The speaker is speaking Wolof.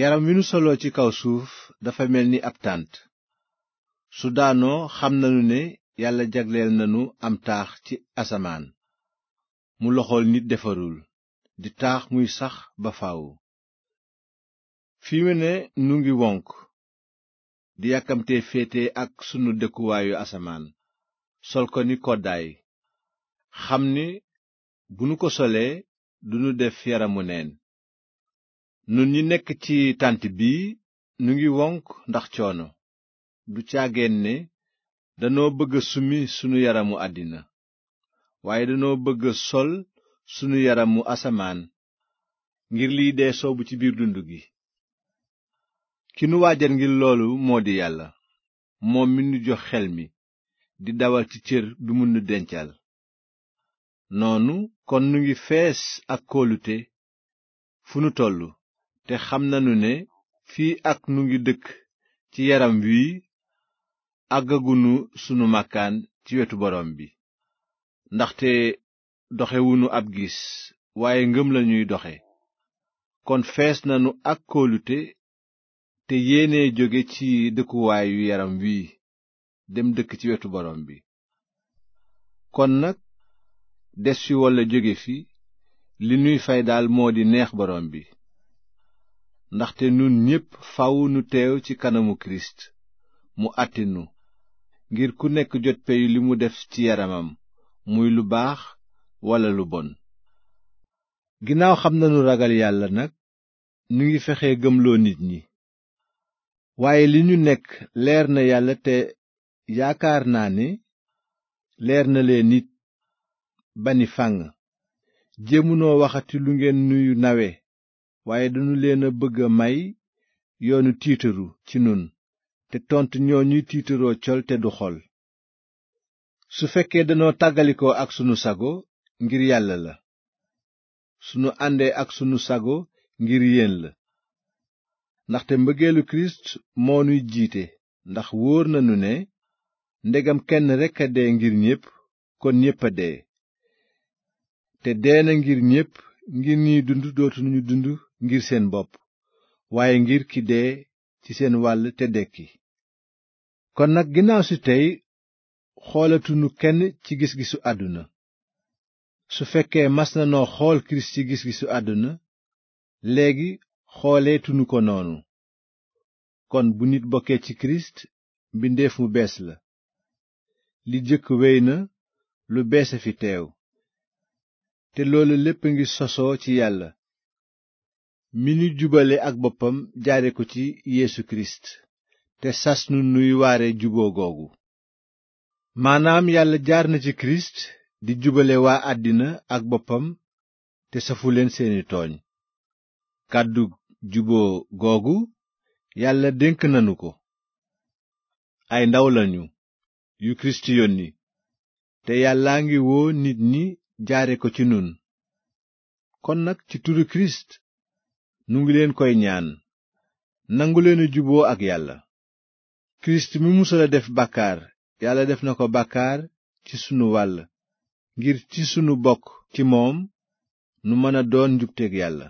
yaram wi nu soloo ci kaw suuf dafa mel ni ab tànt su daanoo xam nanu ne yàlla jagleel nanu am taax ci asamaan mu loxool nit defarul di taax muy sax ba faw fiiwu ne nu ngi wonk di yàkkamtee féete ak sunu dëkkuwaayu asamaan sol ko ni koddaay xam ni bu nu ko solee du nu def yaramu neen nun ñi nekk ci tànt bi nu ngi wonk ndax coono du caageen ne danoo bëgg summi sunu yaramu àddina waaye danoo bëgg sol sunu yaramu asamaan ngir lii dee soobu ci biir dund gi ki nu waajal ngir loolu moo di yàlla moom mi nu jox xel mi di dawal ci cër bi mu nu dencal noonu kon nu ngi fees ak kóolute fu nu tollu te xam nanu ne fii ak nu ngi dëkk ci yaram wii àggagunu sunu màkkaan ci wetu borom bi ndaxte doxewunu ab gis waaye ngëm lañuy doxe kon fees nanu ak kóolute te yéene jóge ci dëkkuwaayu yaram wii dem dëkk ci wetu borom bi kon nag des fi walla jóge fi li nuy fay daal moo di neex borom bi ndaxte nun ñépp faw nu teew ci kanamu kirist mu àtte ngir ku nekk jot peyu li mu def ci yaramam muy lu baax walla lu bon ginnaaw xam nanu ragal yàlla nag nu ngi fexe gëmloo nit ñi waaye li ñu nekk leer na yàlla te yaakaar naa ne leer na leen nit bani fànn jéemunoo waxati lu ngeen nuyu nawe waaye dañu leen a bëgg a may yoonu tiitaru ci nun te tontu ñooñu tiitaroo col te du xol su fekkee danoo tàggalikoo ak sunu sago ngir yàlla la sunu àndee ak sunu sago ngir yéen la ndaxte mbëggeelu kirist moo nuy jiite ndax wóor nañu ne ndegam kenn rekk a dee ngir ñépp kon ñépp a dee te dee na ngir ñépp ngir ñiy dund dootuñu dund ngir seen bopp waaye ngir ki dee ci seen wàll te dekki kon nag ginnaaw si tey xoolatunu kenn ci gis-gisu àdduna su fekkee mas noo xool kirist ci gis-gisu àdduna léegi xooleetunu ko noonu kon bu nit bokkee ci kirist mbindeef mu bees la li jëkk wey na lu beese fi teew te loolu lépp ngi sosoo ci yàlla mi nu jubale ak boppam jaare ko ci yeesu kirist te sas nu nuy waare juboo googu maanaam yàlla jaar na ci kirist di jubale waa àddina ak boppam te safu leen seeni tooñ kàddu juboo googu yàlla dénk nanu ko ay ndaw lañu yu kirist yónni te yàllaa ngi woo nit ñi jaare ko ci nun kon nag ci turu kirist nu ngi leen koy ñaan nangu leen juboo ak yàlla kirist mi musula def bàkkaar yàlla def na ko bàkkaar ci sunu wàll ngir ci sunu bokk ci moom nu mën a doon njubteeg yàlla